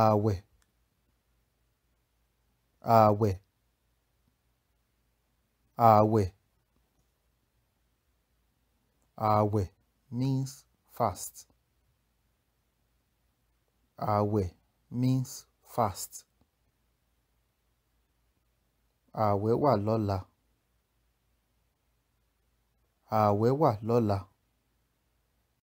ààwẹ̀ ààwẹ̀ ààwẹ̀ ààwẹ̀ means fast ààwẹ̀ means fast ààwẹ̀ wà lọ́la ààwẹ̀ wà lọ́la.